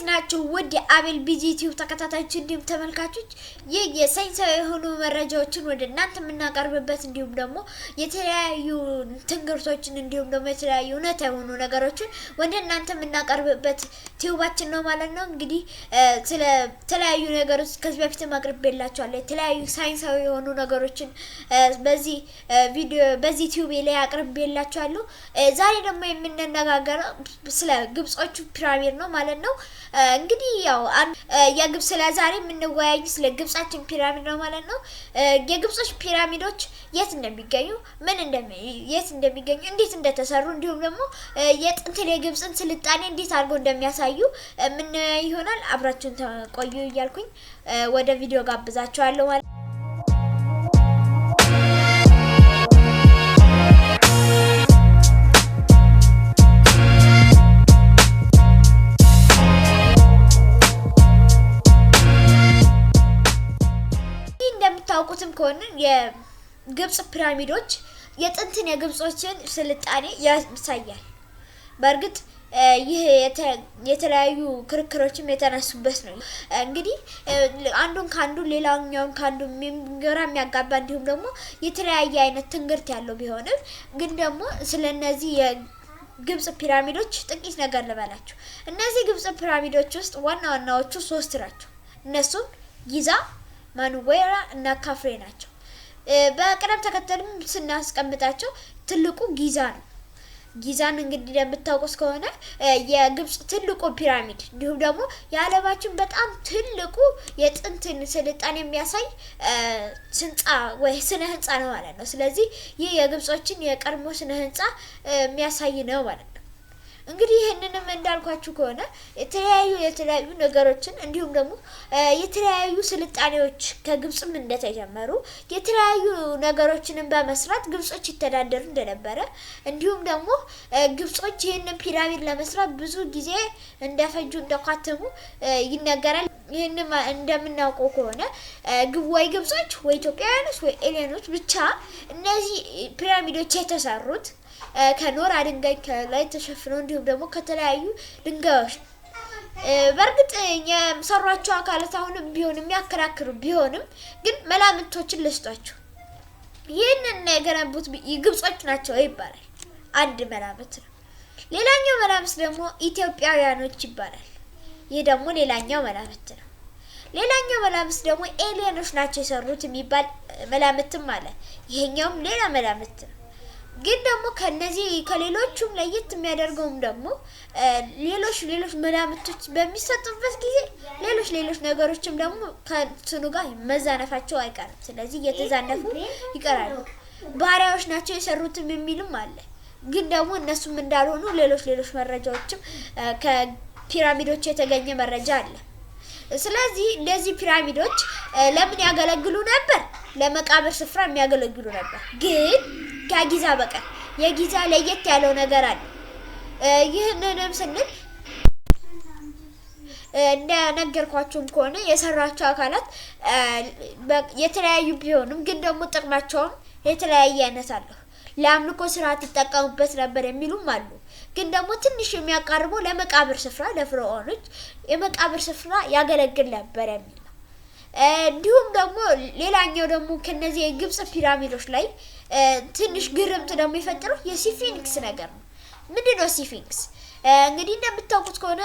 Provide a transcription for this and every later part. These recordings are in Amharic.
እንዴት ናችሁ ውድ የአቤል ቢጂ ዩቲዩብ ተከታታዮች እንዲሁም ተመልካቾች፣ ይህ የሳይንሳዊ የሆኑ መረጃዎችን ወደ እናንተ የምናቀርብበት እንዲሁም ደግሞ የተለያዩ ትንግርቶችን እንዲሁም ደግሞ የተለያዩ እውነት የሆኑ ነገሮችን ወደ እናንተ የምናቀርብበት ቲዩባችን ነው ማለት ነው። እንግዲህ ስለተለያዩ ነገሮች ከዚህ በፊትም አቅርቤላችኋለሁ። የተለያዩ ሳይንሳዊ የሆኑ ነገሮችን በዚህ ቪዲዮ በዚህ ቲዩቤ ላይ አቅርቤላችኋለሁ። ዛሬ ደግሞ የምንነጋገረው ስለ ግብጾቹ ፒራሚድ ነው ማለት ነው። እንግዲህ ያው የግብፅ ስለዛሬ የምንወያይ ስለ ግብጻችን ፒራሚድ ነው ማለት ነው። የግብጾች ፒራሚዶች የት እንደሚገኙ ምን የት እንደሚገኙ እንዴት እንደተሰሩ እንዲሁም ደግሞ የጥንትን የግብፅን ስልጣኔ እንዴት አድርጎ እንደሚያሳዩ ምን ይሆናል አብራችሁን ተቆዩ እያልኩኝ ወደ ቪዲዮ ጋብዛችኋለሁ ማለት መኮንን የግብጽ ፒራሚዶች የጥንትን የግብጾችን ስልጣኔ ያሳያል። በእርግጥ ይህ የተለያዩ ክርክሮችም የተነሱበት ነው። እንግዲህ አንዱን ከአንዱ ሌላኛውን ከአንዱ ግራ የሚያጋባ እንዲሁም ደግሞ የተለያየ አይነት ትንግርት ያለው ቢሆንም ግን ደግሞ ስለ እነዚህ የግብጽ ፒራሚዶች ጥቂት ነገር ልበላችሁ። እነዚህ ግብጽ ፒራሚዶች ውስጥ ዋና ዋናዎቹ ሶስት ናቸው። እነሱም ጊዛ ማንዌራ እና ካፍሬ ናቸው። በቅደም ተከተልም ስናስቀምጣቸው ትልቁ ጊዛ ነው። ጊዛን እንግዲህ እንደምታውቁት ከሆነ የግብፅ ትልቁ ፒራሚድ እንዲሁም ደግሞ የዓለማችን በጣም ትልቁ የጥንትን ስልጣን የሚያሳይ ህንጻ ወይ ስነ ህንፃ ነው ማለት ነው። ስለዚህ ይህ የግብጾችን የቀድሞ ስነ ህንፃ የሚያሳይ ነው ማለት ነው። እንግዲህ ይህንንም እንዳልኳችሁ ከሆነ የተለያዩ የተለያዩ ነገሮችን እንዲሁም ደግሞ የተለያዩ ስልጣኔዎች ከግብፅም እንደተጀመሩ የተለያዩ ነገሮችንም በመስራት ግብጾች ይተዳደሩ እንደነበረ እንዲሁም ደግሞ ግብጾች ይህንን ፒራሚድ ለመስራት ብዙ ጊዜ እንደፈጁ እንደኳተሙ ይነገራል። ይህንም እንደምናውቀው ከሆነ ወይ ግብጾች ወይ ኢትዮጵያውያኖች ወይ ኤሌኖች ብቻ እነዚህ ፒራሚዶች የተሰሩት ከኖራ ድንጋይ ላይ ተሸፍኖ እንዲሁም ደግሞ ከተለያዩ ድንጋዮች በእርግጥ የሰሯቸው አካላት አሁንም ቢሆን የሚያከራክሩ ቢሆንም ግን መላምቶችን ልስጧቸው። ይህንን የገነቡት ግብጾች ናቸው ይባላል። አንድ መላምት ነው። ሌላኛው መላምት ደግሞ ኢትዮጵያውያኖች ይባላል። ይህ ደግሞ ሌላኛው መላምት ነው። ሌላኛው መላምት ደግሞ ኤሊየኖች ናቸው የሰሩት የሚባል መላምትም አለ። ይሄኛውም ሌላ መላምት ነው። ግን ደግሞ ከነዚህ ከሌሎቹም ለየት የሚያደርገውም ደግሞ ሌሎች ሌሎች መድኃኒቶች በሚሰጡበት ጊዜ ሌሎች ሌሎች ነገሮችም ደግሞ ከእንትኑ ጋር መዛነፋቸው አይቀርም። ስለዚህ እየተዛነፉ ይቀራሉ። ባሪያዎች ናቸው የሰሩትም የሚልም አለ። ግን ደግሞ እነሱም እንዳልሆኑ ሌሎች ሌሎች መረጃዎችም ከፒራሚዶች የተገኘ መረጃ አለ። ስለዚህ እነዚህ ፒራሚዶች ለምን ያገለግሉ ነበር? ለመቃብር ስፍራ የሚያገለግሉ ነበር ግን ከጊዛ በቀር የጊዛ ለየት ያለው ነገር አለ። ይህንንም ስንል እንደነገርኳቸውም ከሆነ የሰራቸው አካላት የተለያዩ ቢሆንም ግን ደግሞ ጥቅማቸውም የተለያየ አይነት አለሁ። ለአምልኮ ስርዓት ይጠቀሙበት ነበር የሚሉም አሉ። ግን ደግሞ ትንሽ የሚያቃርበው ለመቃብር ስፍራ ለፍርዖኖች የመቃብር ስፍራ ያገለግል ነበር የሚል ነው። እንዲሁም ደግሞ ሌላኛው ደግሞ ከነዚህ የግብጽ ፒራሚዶች ላይ ትንሽ ግርምት ደግሞ የፈጠረው የሲፊንክስ ነገር ነው። ምንድን ነው ሲፊንክስ? እንግዲህ እንደምታውቁት ከሆነ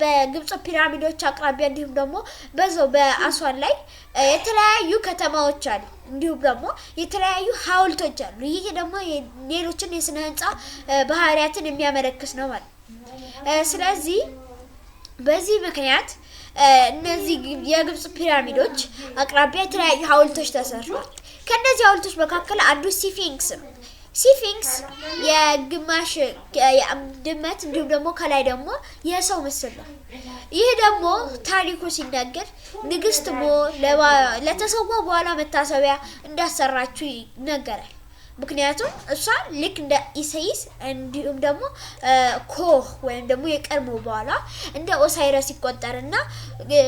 በግብፅ ፒራሚዶች አቅራቢያ እንዲሁም ደግሞ በዛው በአስዋን ላይ የተለያዩ ከተማዎች አሉ። እንዲሁም ደግሞ የተለያዩ ሀውልቶች አሉ። ይህ ደግሞ ሌሎችን የስነ ህንፃ ባህሪያትን የሚያመለክት ነው ማለት ስለዚህ በዚህ ምክንያት እነዚህ የግብፅ ፒራሚዶች አቅራቢያ የተለያዩ ሀውልቶች ተሰርቷል። ከእነዚህ አውልቶች መካከል አንዱ ሲፊንክስ ነው። ሲፊንክስ የግማሽ ድመት እንዲሁም ደግሞ ከላይ ደግሞ የሰው ምስል ነው። ይህ ደግሞ ታሪኩ ሲነገር ንግስት ሞ ለተሰዋ በኋላ መታሰቢያ እንዳሰራችው ይነገራል። ምክንያቱም እሷ ልክ እንደ ኢሰይስ እንዲሁም ደግሞ ኮህ ወይም ደግሞ የቀድሞ በኋላ እንደ ኦሳይረስ ይቆጠርና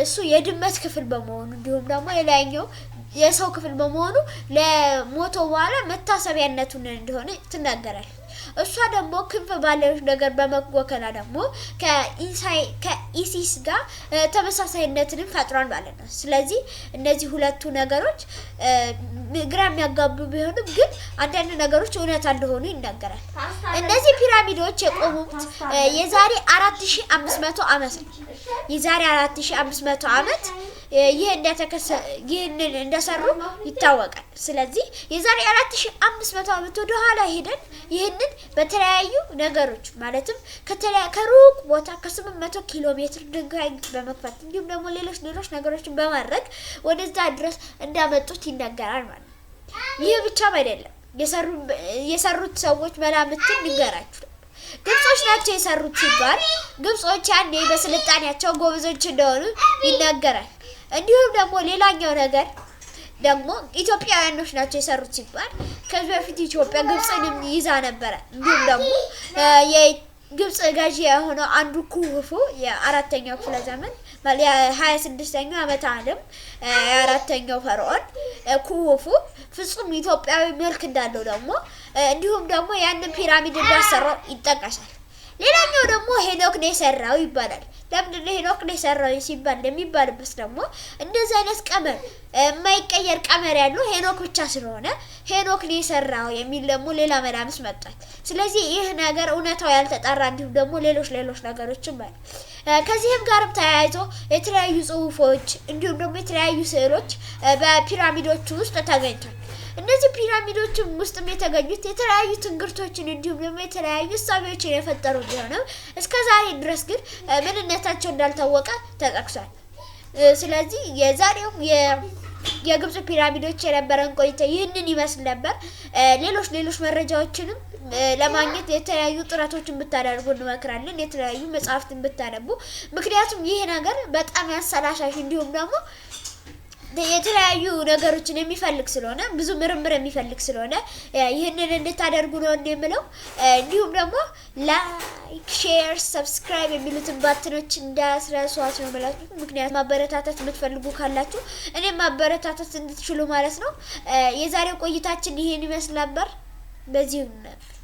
እሱ የድመት ክፍል በመሆኑ እንዲሁም ደግሞ የላይኛው የሰው ክፍል በመሆኑ ለሞቶ በኋላ መታሰቢያነቱን እንደሆነ ትናገራለች። እሷ ደግሞ ክንፍ ባለች ነገር በመወከላ ደግሞ ከኢሲስ ጋር ተመሳሳይነትንም ፈጥሯል ማለት ነው። ስለዚህ እነዚህ ሁለቱ ነገሮች ግራ የሚያጋቡ ቢሆንም ግን አንዳንድ ነገሮች እውነት እንደሆኑ ይናገራል። እነዚህ ፒራሚዶች የቆሙት የዛሬ አራት ሺ አምስት መቶ አመት ነው። የዛሬ አራት ሺ አምስት መቶ አመት እንደተከሰ ይህንን እንደሰሩ ይታወቃል። ስለዚህ የዛሬ አራት ሺ አምስት መቶ ዓመት ወደ ኋላ ሄደን ይህንን በተለያዩ ነገሮች ማለትም ከሩቅ ቦታ ከስምንት መቶ ኪሎ ሜትር ድንጋይ በመግፋት እንዲሁም ደግሞ ሌሎች ሌሎች ነገሮችን በማድረግ ወደዛ ድረስ እንዳመጡት ይነገራል ማለት ነው። ይህ ብቻም አይደለም። የሰሩት ሰዎች መላምትን ይንገራችሁ ግብጾች ናቸው የሰሩት ሲባል ግብጾች ያኔ በስልጣኔያቸው ጎበዞች እንደሆኑ ይነገራል። እንዲሁም ደግሞ ሌላኛው ነገር ደግሞ ኢትዮጵያውያኖች ናቸው የሰሩት ሲባል ከዚህ በፊት ኢትዮጵያ ግብፅንም ይዛ ነበረ። እንዲሁም ደግሞ ግብጽ ገዢ የሆነው አንዱ ኩፉ የአራተኛው ክፍለ ዘመን የሀያ ስድስተኛው ዓመተ ዓለም የአራተኛው ፈርዖን ኩፉ ፍጹም ኢትዮጵያዊ መልክ እንዳለው ደግሞ እንዲሁም ደግሞ ያንን ፒራሚድ እንዳሰራው ይጠቀሳል። ሌላኛው ደግሞ ሄኖክ ነው የሰራው ይባላል። ለምንድነው ሄኖክ ነው የሰራው ሲባል የሚባልበት ደግሞ እንደዚህ አይነት ቀመር የማይቀየር ቀመር ያለው ሄኖክ ብቻ ስለሆነ ሄኖክ ነው የሰራው የሚል ደግሞ ሌላ መላምስ መጥቷል። ስለዚህ ይህ ነገር እውነታው ያልተጣራ እንዲሁም ደግሞ ሌሎች ሌሎች ነገሮችም አለ። ከዚህም ጋርም ተያይዞ የተለያዩ ጽሁፎች እንዲሁም ደግሞ የተለያዩ ስዕሎች በፒራሚዶች ውስጥ ተገኝቷል። እነዚህ ፒራሚዶችም ውስጥም የተገኙት የተለያዩ ትንግርቶችን እንዲሁም ደግሞ የተለያዩ እሳቢዎችን የፈጠሩ ቢሆንም እስከ ዛሬ ድረስ ግን ምንነታቸው እንዳልታወቀ ተጠቅሷል። ስለዚህ የዛሬው የግብፅ ፒራሚዶች የነበረን ቆይታ ይህንን ይመስል ነበር። ሌሎች ሌሎች መረጃዎችንም ለማግኘት የተለያዩ ጥረቶችን ብታደርጉ እንመክራለን። የተለያዩ መጽሐፍትን ብታነቡ፣ ምክንያቱም ይህ ነገር በጣም ያሰላሻሽ እንዲሁም ደግሞ የተለያዩ ነገሮችን የሚፈልግ ስለሆነ ብዙ ምርምር የሚፈልግ ስለሆነ ይህንን እንድታደርጉ ነው የምለው። እንዲሁም ደግሞ ላይክ፣ ሼር፣ ሰብስክራይብ የሚሉትን ባትኖች እንዳስረሷት ነው የምላችሁ። ምክንያቱ ማበረታታት የምትፈልጉ ካላችሁ እኔ ማበረታታት እንድትችሉ ማለት ነው። የዛሬው ቆይታችን ይህን ይመስል ነበር። በዚህም ነበር